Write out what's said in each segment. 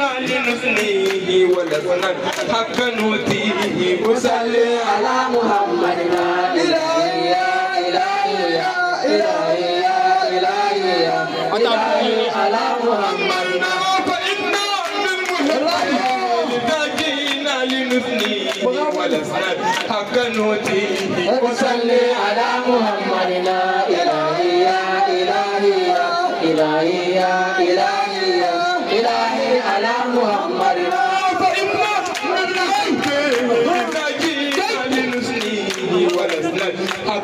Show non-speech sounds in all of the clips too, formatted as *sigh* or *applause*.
لنا لنسليه ولسنا حقا نؤتيه وصلي على محمد لا إله إلا الله على محمد فإنا من محمد لنسليه ولسنا حقا نؤتيه وصلي على محمد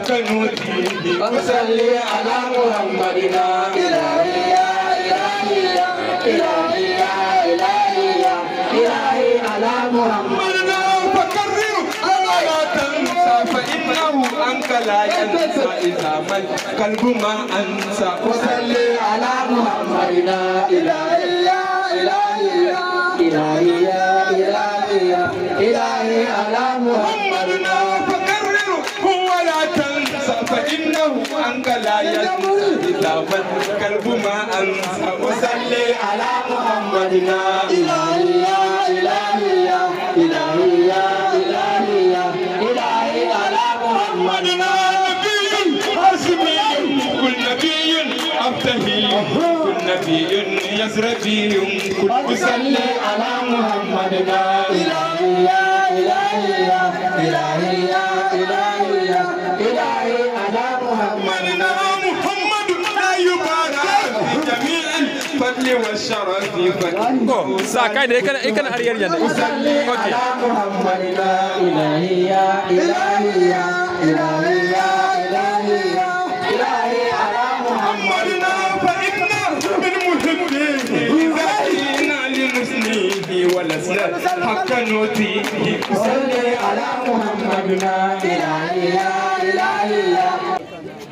كنوتي وصلي على محمدنا إلهي يا إلهي يا إلهي يا إلهي يا إلهي على محمدنا فكرر ولا تنسى فإنه أنت لا ينسى إذا من قلب ما أنسى وصلي على محمدنا إلهي يا إلهي يا إلهي يا إلهي يا إلهي على محمدنا فإنه أنك لا يسمع إذا فتك ما أنسى وصلي على محمد لا إله إلا إله إلهي على محمد نبي حسبي كل نبي أبتهي كل نبي يزربي كل أصلي على محمد لا إله إلا الفضل على فكن محمد لا إله إلهي إلهي إلهي إلهي على محمد فإنا من محبين زاهدين صلي على محمد لا إله إلهي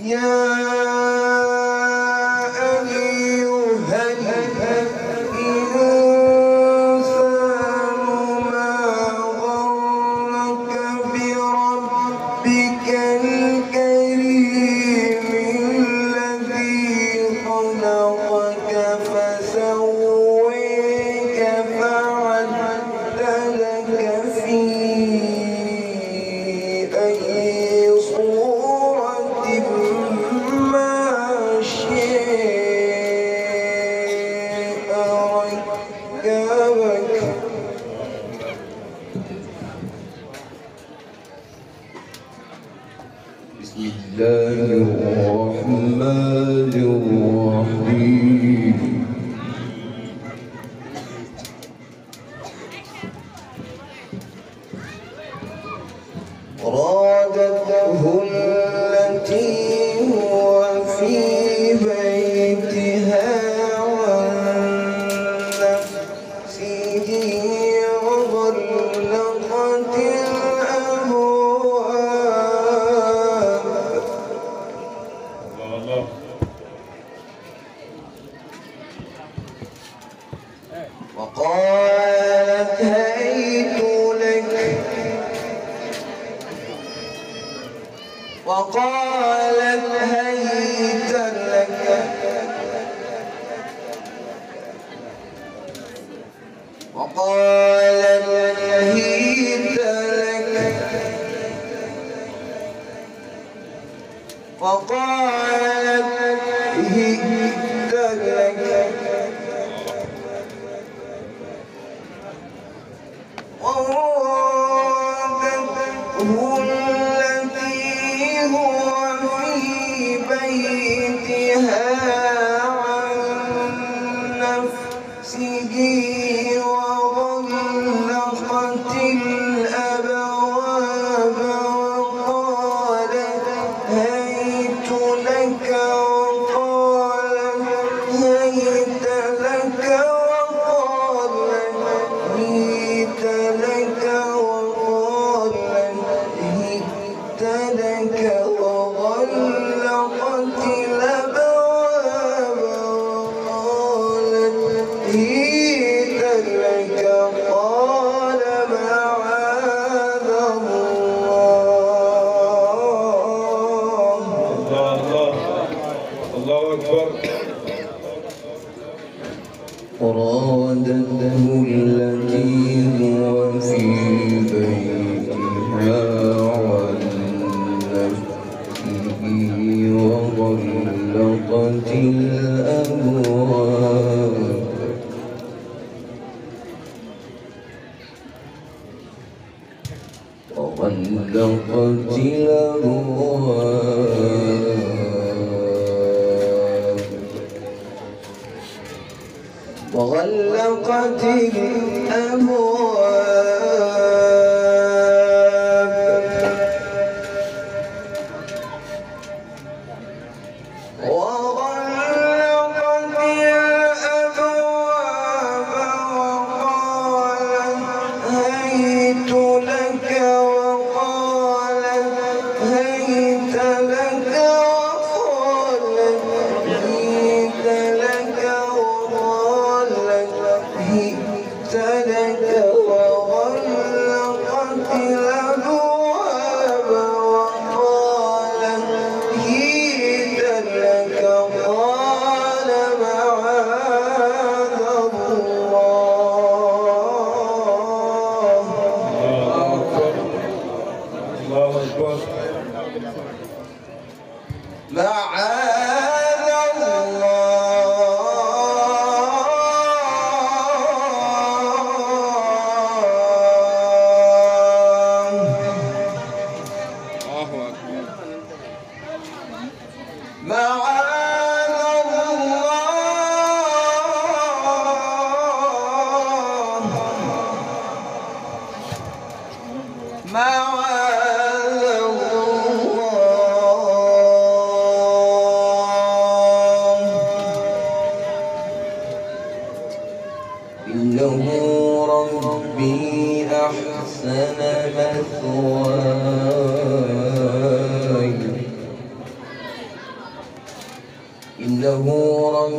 Yeah. الله الرحمن الرحيم وقالت هيت لك وقالت هيت لك وقالت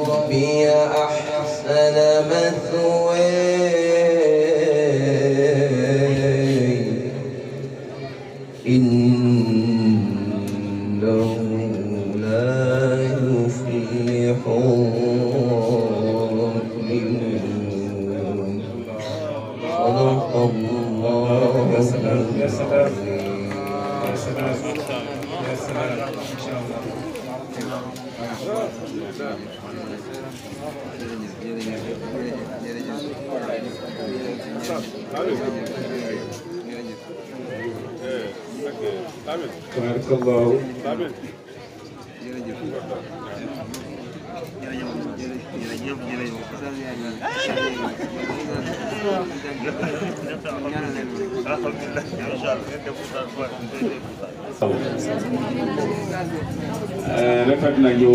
ربي أحسن مثوي إنه لا يفلح الظالمون صدق الله العظيم يا سلام يا سلام يا سلام ان شاء الله tabarakallahu rafet nañu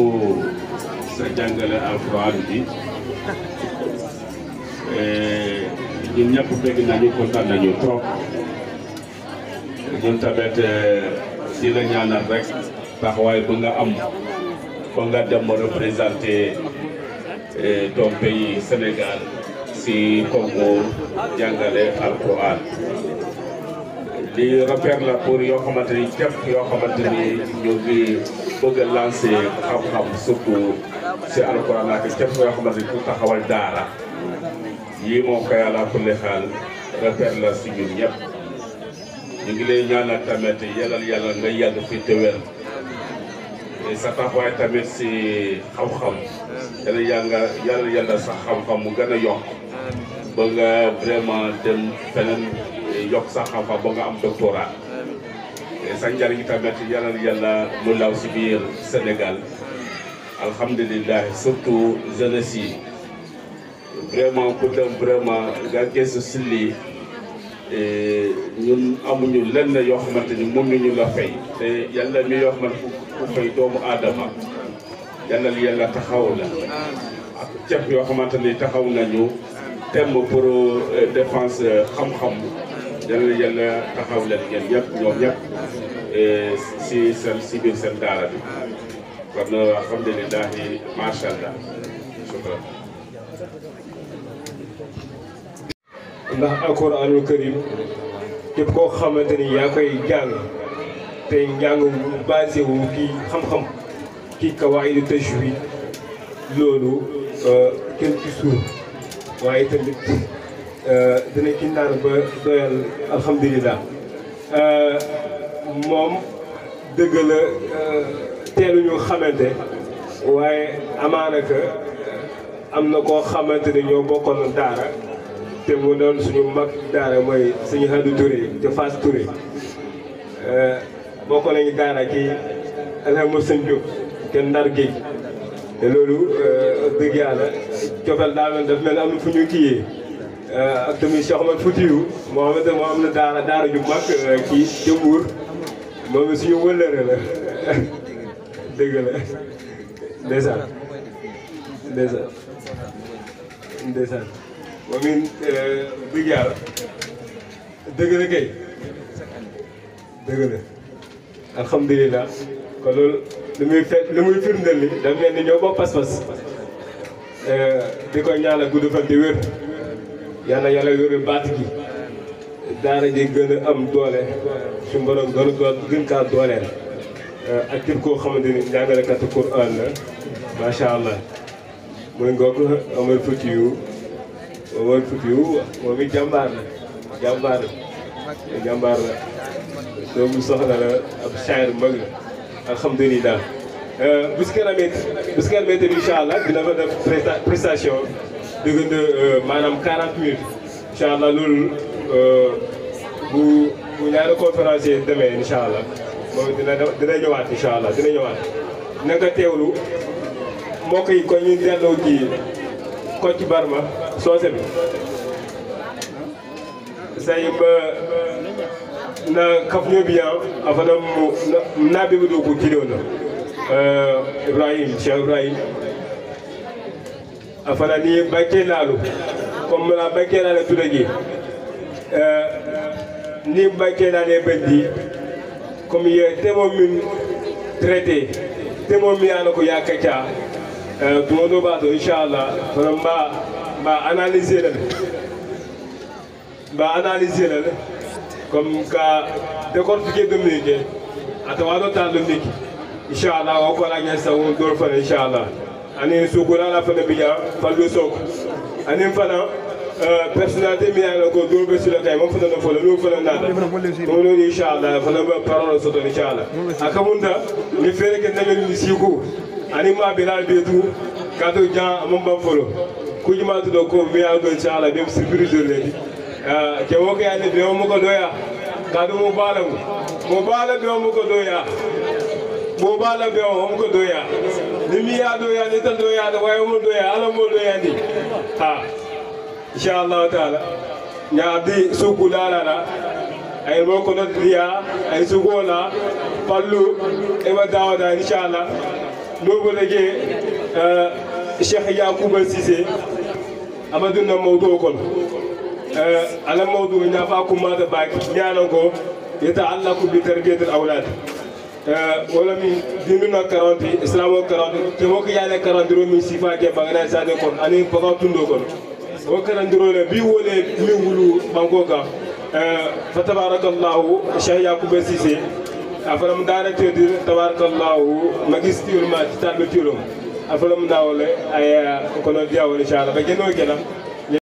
sa jàngale alxuraan bi ñun ñëpp dégg nañu kontaan nañu trop ñun tamit euh, di la rek taxawaay ba nga am ba nga dem représenter euh, ton pays Sénégal si concours jàngale alquran li repère la pour yoo xamante ni képp yoo xamante ni ñu ngi bëgg a lancer xam-xam surtout si alquran ak képp yoo xamante ni pour taxawal daara. lii moo ala kulli xaal repère la si ñun ñëpp ñu ngi lay ñaanal tamit yalal yàlla nga fi sa si xam-xam yàlla yàlla yàlla yàlla sa xam-xam mu gën a ba nga vraiment dem feneen yokk sa xam-xam ba nga am doctorat sa njariñ tamit yalal yàlla mu law biir surtout jeunesse vraiment pour dem vraiment nga gëstu si lii ñun amuñu lenn yoo xamante ni mënuñu la fay te yàlla mi yoo xamante ku fay doomu aadama yàlla li yàlla taxaw la ak ceeb yoo xamante ni taxaw nañu thème pour euh, défense euh, xam-xam yàlla yàlla taxaw leen ngeen ñëpp ñoom ñëpp si seen si biir seen daara bi kon alhamdulilah macha allah ndax alquranul karim képp koo xamante ni yaa koy jàng te njàng wu basé wu kii xam-xam kii kawaayidu tajwid loolu euh, kenn ci suur waaye tamit euh, dina ci naan ba doyal alhamdulilah euh, moom dëgg la teeluñu xamante waaye amaana que am na koo xamante ne ñoo bokkoon daara te mu doon suñu mag daara mooy suñu Hadu Touré te Fass Touré eh, bokk nañu daara ki alhamdulilah sëñ Diop te Ndar Géej te loolu eh, dëgg yàlla cofeel daa mel daf am na fu kii eh, ak tamit Cheikh Omar Foutiyou moo moo am na daara ju mag kii ca Mbuur moom suñu wëllëre la *laughs* dëgg la ndeysaan ومن آه، بجارة دغدا كي دغدا الحمد لله كل لمي لمي فيرندل لي دا ملي نيو با باس باس ا آه، ديكو نيالا غودو فال دي وير يالا يالا يوري باتكي دارا دي گنا ام دولة سي مبرم دول دول گن كا دولة آه، ا كيف كو خامديني نياغال كات قران ما شاء الله موي غوكو امر فوتيو moom Foutiou moom it jàmbaar la jàmbaar la jàmbaar la doomu soxla la ab shaayir mag la alhamdulilah. bu si kanam it dina fa def prestation diggante euh, maanaam 40 minutes incha allah loolu euh, bu bu ñaari conférence yi demee incha allah moom dina dina ñëwaat incha allah dina ñëwaat. na nga teewlu mbokk yi kon ñu delloo ci. Kocc Barma soose bi sai ba na kafñobiyan a fana naɓeɓe ɗo ko kilewno euh, ibrahim cheikh ibrahim a fana ni bakke laalu comme mona bakke laale tuna ji euh, ni bakke laale beddi comme ye temo min traité temo miyana ko yakacca gono ba to inshallah faram ba ba analyser la ba analyser la comme ka décortiquer dum ni ke atawado ta dum ni inshallah wa ko la ngi sa won dor fa inshallah ani su ko la fa bi ja fa do sok ani fa na personnalité mi ala ko dor be sila kay mo fa na fa lo fa na da mo lo inshallah fa na parole soto inshallah akamunda ni fere ke na ni siku ani maa bilal beetu kato jan mun ban folo kujuma tudo ko mi eh, ya go inshallah bim surprise le ke wo ke ani be mo ko doya kadu mo balam mo balam be mo ko doya mo balam be mo ko doya ni mi ya doya ni tan doya da wayo mo doya ala mo doya ni ha inshallah taala nyaadi suku dalala ay mo ko no dia ay sukola pallu e wa dawda inshallah loɓoleke euh, cheikh yacouba sisé amadunna mawɗo kon euh, ala mawɗu ñafa kummata baaki ñananko yeta allah ko bi tarbiyatel awlade euh, wala min dinduno karanti islamo karanti kemo ko yaade karantiro min sifake bagana sade kon anin pagan tundo kon o karantirole mbi wole min wulu ɓanko kan fa tabaraka llahu cheikh yacouba sisé afala mu daana tedi tabarakallahu magistiurement ci talɓe cuurum afala mu nawole aya kono diyawol inchallah ɓe jeno gueɗam